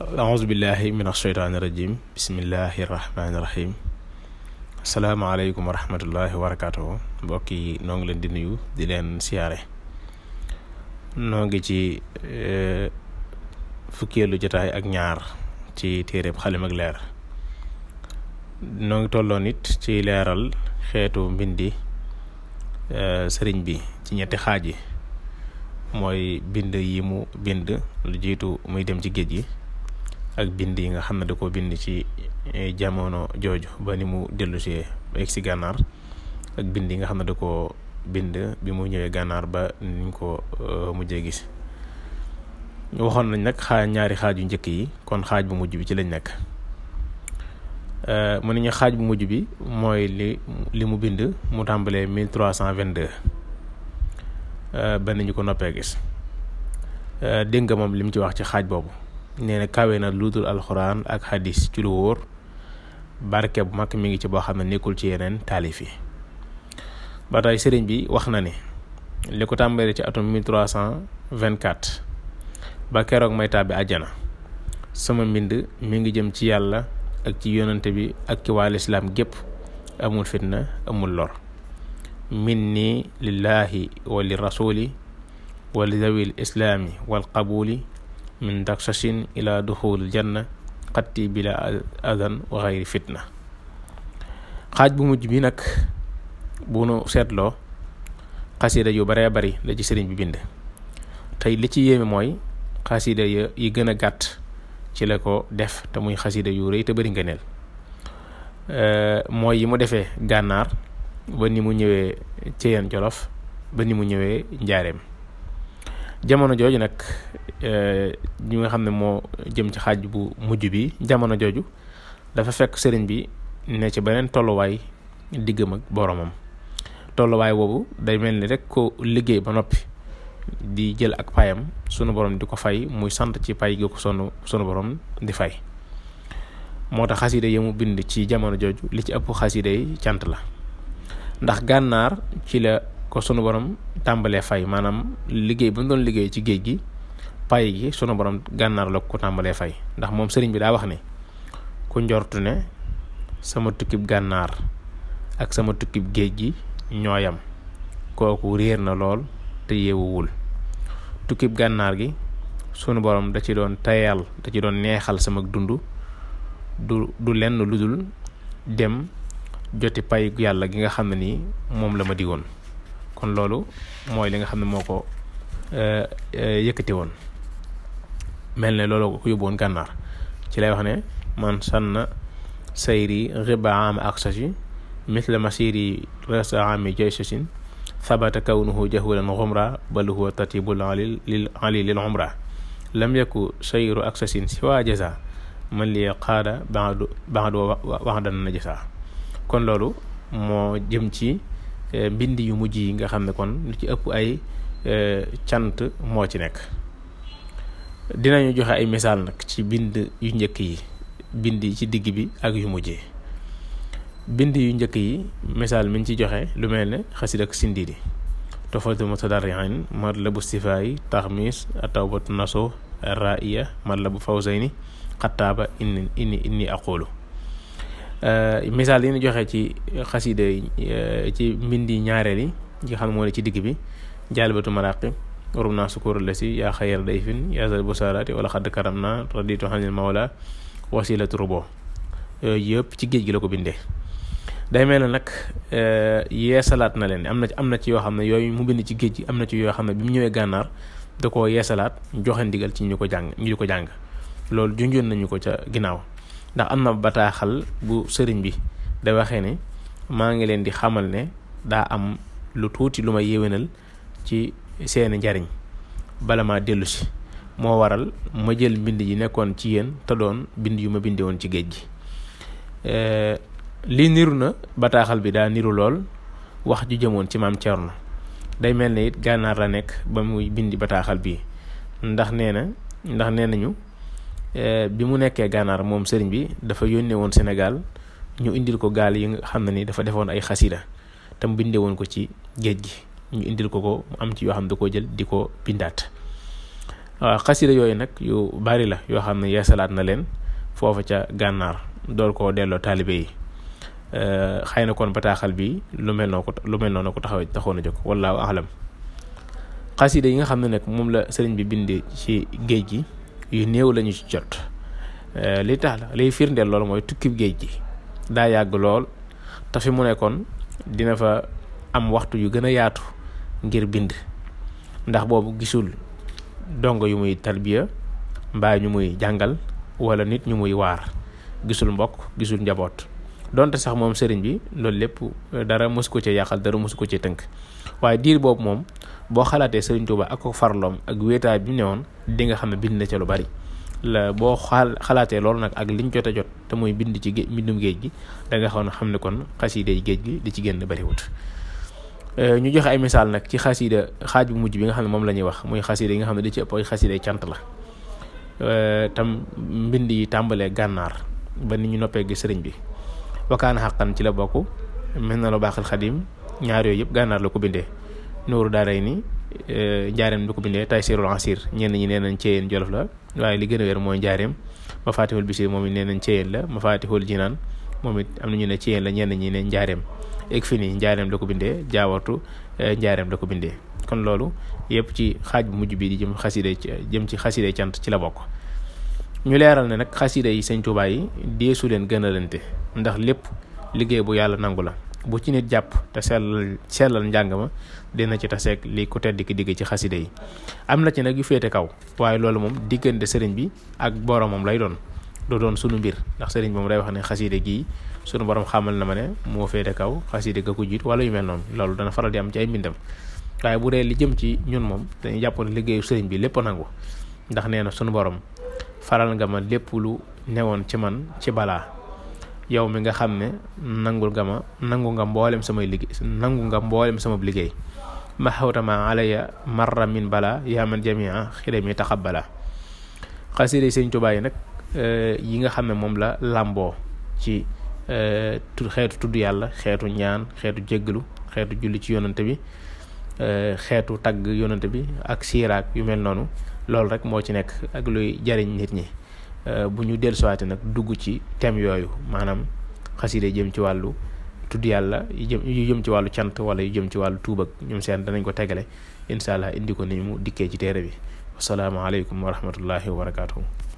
ahousubillahi min asheytaani irajim bismillahi irrahmaaniirahim asalaamaaleykum wa rahmatullahi wa barakatuhu mbokk yi noo ngi leen di nuyu di leen siyaare noo ngi ci eh, fukkeelu jotaay ak ñaar ci téeréb xalim leer noo ngi tolloon ci leeral xeetu mbindi eh, sëriñ bi ci ñetti xaaj yi mooy bind yi mu bind lu jiitu muy dem ci géej gi ak bind yi nga xam ne da ko bind ci eh, jamono jooju ba ni mu dellusee ba si gànnaar ak bind yi nga xam ne da ko bind bi mu ñëwee gànnaar ba ni ñu ko eh, mujjee gis waxoon nañ nag ñaari xaaj yu njëkk yi kon xaaj bu mujj bi ci lañ nekk eh, mu ne ñu xaaj bu mujj bi mooy li li mu bind mu tàmbalee mille trois cent vingt-deux ba ni ñu ko noppee gis dégg nga moom li mu ci wax ci xaaj boobu nee na kawe na lu alxuraan ak xadis ci lu wóor barke bu mag mi ngi ci boo xam ne nekkul ci yeneen taalif yi. ba sëriñ bi wax na ne li ko tàmbalee ci atum 1324 ba keroog may bi ajana sama mbind mi ngi jëm ci yàlla ak ci yonante bi ak ci waa lislaam gépp amul fitna amul lor. minni lillahi wa li rasuli wa li islaami wal qabuli. min daksashin ila duxulil janna xatti xati adan wa xayri fitna xaaj bu mujj bi nag bu nu seetloo xasida yu baree bari la ci sëriñ bi bind tey li ci yéeme mooy xasida yi gën a gàtt ci la ko def te muy xasida yu rëy te bari nga neel mooy yi mu defee gànnaar ba ni mu ñëwee Ceyeen Jolof ba ni mu ñëwee Njaareem jamono jooju nag eh, ñi nga xam ne moo jëm ci xaaj bu mujj bi jamono jooju dafa fekk sëriñ bi ne ci beneen tolluwaay diggam ak boroomam tolluwaay boobu day mel ni rek ko liggéey ba noppi di jël ak paayam sunu borom di ko fay muy sant ci pay gi ko sunu sunu borom di fay moo tax xasida yi mu bind ci jamono jooju li ci ëpp xasida yi cant la ndax gànnaar ci la. ko sunu borom tàmbalee fay maanaam liggéey ba ñu doon liggéey ci géej gi pay gi sunu borom gànnaar la ko tàmbalee fay ndax moom sëriñ bi daa wax ne ku njortu ne sama tukkib gànnaar ak sama tukkib géej gi ñooyam kooku réer na lool te yeewuwul tukkib gànnaar gi sunu borom da ci doon tayal da ci doon neexal sama dund du du lenn lu dul dem joti pay yàlla gi nga xam ne nii moom la ma diwoon kon loolu mooy li nga xam ne moo ko eh, eh, yëkkati woon mel ne loolu ko yóbbu gànnaar ci lay wax ne man sànn sayri riba am ak sasin misla masiri rasa ami jay sasin sabata kawnuhu jahulan xumra bal huwa tatibul ali lil ali lil umra lam yaku sayru ak sasin si waa jasa man li xaada baxdu baxdu waxdan na jasa kon loolu moo jëm ci Eh, mbind yu mujj yi nga xam ne kon lu ci ëpp ay eh, cant moo ci nekk dinañu joxe ay misaal nag ci bind yu njëkk yi bind yi ci digg bi ak yu mujj bind yu njëkk yi misaal mi ñu ci joxe lu mel ne xasid ak sindiidi tofatu mutadarriin matlabu stifaayi taxmis atawbatu naso raiya matlabu fawsayni xattaaba inni inni inni aqulu Euh, misaal yi ñu joxe ci xasida yi euh, ci mbindi ñaareel yi nga xam ne moo ne ci digg bi jaalibatu maraqi warum naa sukkur la si yaa xayar dayfin yaa zal busaraati wala yooyu yëpp ci géej gi la ko bindee day mel ne nag euh, yeesalaat na leen am na am na ci yoo xam ne yooyu mu bind ci géej gi am na ci yoo xam ne bi mu ñëwee gànnaar da koo yeesalaat joxe ndigal ci ñu ko jàng ñu ko jàng loolu junjoon nañu ko ca ginnaaw ndax am na bataaxal bu sëriñ bi da waxee ne maa ngi leen di xamal ne daa am lu tuuti lu ma yéwénal ci seeni njariñ bala maa dellu moo waral ma jël mbind yi nekkoon ci yéen te doon bind yu ma binde woon ci géej gi li niru na bataaxal bi daa niru lool wax ju jëmoon ci maam Cerno day mel ne it gànnaar la nekk ba muy bindi bataaxal bii ndax nee na ndax nee nañu Eh, bi mu nekkee gànnaar moom sëriñ bi dafa yónnee woon Sénégal ñu indil ko gaal yi nga xam na ni dafa defoon ay xasida te mu bindee woon ko ci géej gi ñu indil ko ko mu am ci yoo xam ne da jël di ko bindaat waaw ah, yooyu nag yu bari la yoo xam ne yeesalaat na leen foofa ca gànnaar door koo delloo taalibe yi eh, xëy na kon bataaxal bi lu mel noo ko lu mel noonu ko taxaw taxoon a jóg wallaahu alam xasida yi nga xam ne nag moom la sëriñ bi bindee ci géej gi. yu néew lañu ci jot euh, li tax la liy firndeel loolu mooy tukkib géej gi daa yàgg lool te fi mu nekkoon dina fa am waxtu yu gën a yaatu ngir bind ndax boobu gisul dongo yu muy tarbiya mbaa ñu muy jàngal wala nit ñu muy waar gisul mbokk gisul njaboot donte sax moom sëriñ bi loolu lépp euh, dara mos ko ci yàqal dara mos ko ci tënk waaye diir boobu moom boo xalaatee sëriñ Tuuba ak ko farloom ak wéetaay bi newoon di nga xam ne bind na ca lu bari boo xaal xalaatee loolu nag ak liñ jot jot te muy bind ci géej mbindum géej gi da nga xaw xam ne kon xasiida yi géej gi di ci génn bariwut euh, ñu joxe ay misaal nag ci xasiida xaaj bu mujj bi nga xam ne moom la ñuy wax muy xasiida yi nga xam ne di ci ëpp ay xasiida cant la euh, tam mbind yi tàmbalee gànnaar ba ni ñu noppee sëriñ bi wakaana xaqan ci la bokk mën na lu baaxil xadim ñaar yooyu yëpp gànnaar la ko bindee nuuru daaray ni eh, njaareem la ko bindee taysirul ansir ñenn ñi nee nañ ceyeen jolof la waaye li gën a wér mooy njaareem mafatihul bisir moom it nee nañ ceyeen la mafatihul jinaan moom it am na ñu ne ceyeen la ñenn ñi ne njaareem ek fi ni njaareem la ko bindee jaawatu eh, njaareem la ko bindee kon loolu yëpp ci xaaj bu mujj bi di jëm xaside jëm ci xaside cant ci la bokk ñu leeral na nag xasida yi sëñ Tuubaa yi deesu leen gënalante ndax lépp liggéey bu yàlla nangu la bu ci nit jàpp te sellal sellal njàng ma na ci taseeg li ku tedd ki digg ci xasida yi am na ci nag yu féete kaw waaye loolu moom diggante sëriñ bi ak boromam lay doon du doon sunu mbir ndax sëriñ bi moom day wax ne xasida gii sunu borom xamal na ma ne moo féete kaw xasida ga ko jiit wala yu mel noonu loolu dana faral di am ci ay mbindam bu dee li jëm ci ñun moom dañuy jàpp ne liggéeyu bi lépp nangu ndax nee na sunu borom faral nga ma lépp lu newoon ci man ci balaa yow mi nga xam ne nangul nga ma nangu nga mboolem samay liggéey nangu nga mboolem sama liggéey ma xawtama alaya marra min bala yaa man jamia xidami taxabala xasida sëñ Tuubaa yi nag e, yi nga xam ne moom la làmboo ci e, tu xeetu tudd yàlla xeetu ñaan xeetu jéggalu xeetu julli ci yonante bi e, xeetu tagg yonante bi ak siiraak yu mel noonu loolu rek moo ci nekk ak luy jariñ nit ñi euh, bu ñu dellusiwaatee nag dugg ci thème yooyu maanaam xasida jëm ci wàllu tudd yàlla yu jëm yu jëm ci wàllu cant wala yu jëm ci wàllu tuubag ñoom seen danañ ko tegale incha allah indi ko ni mu dikkee ci téere bi wasalaamaaleykum wa rahmatullahi wa barakaatu.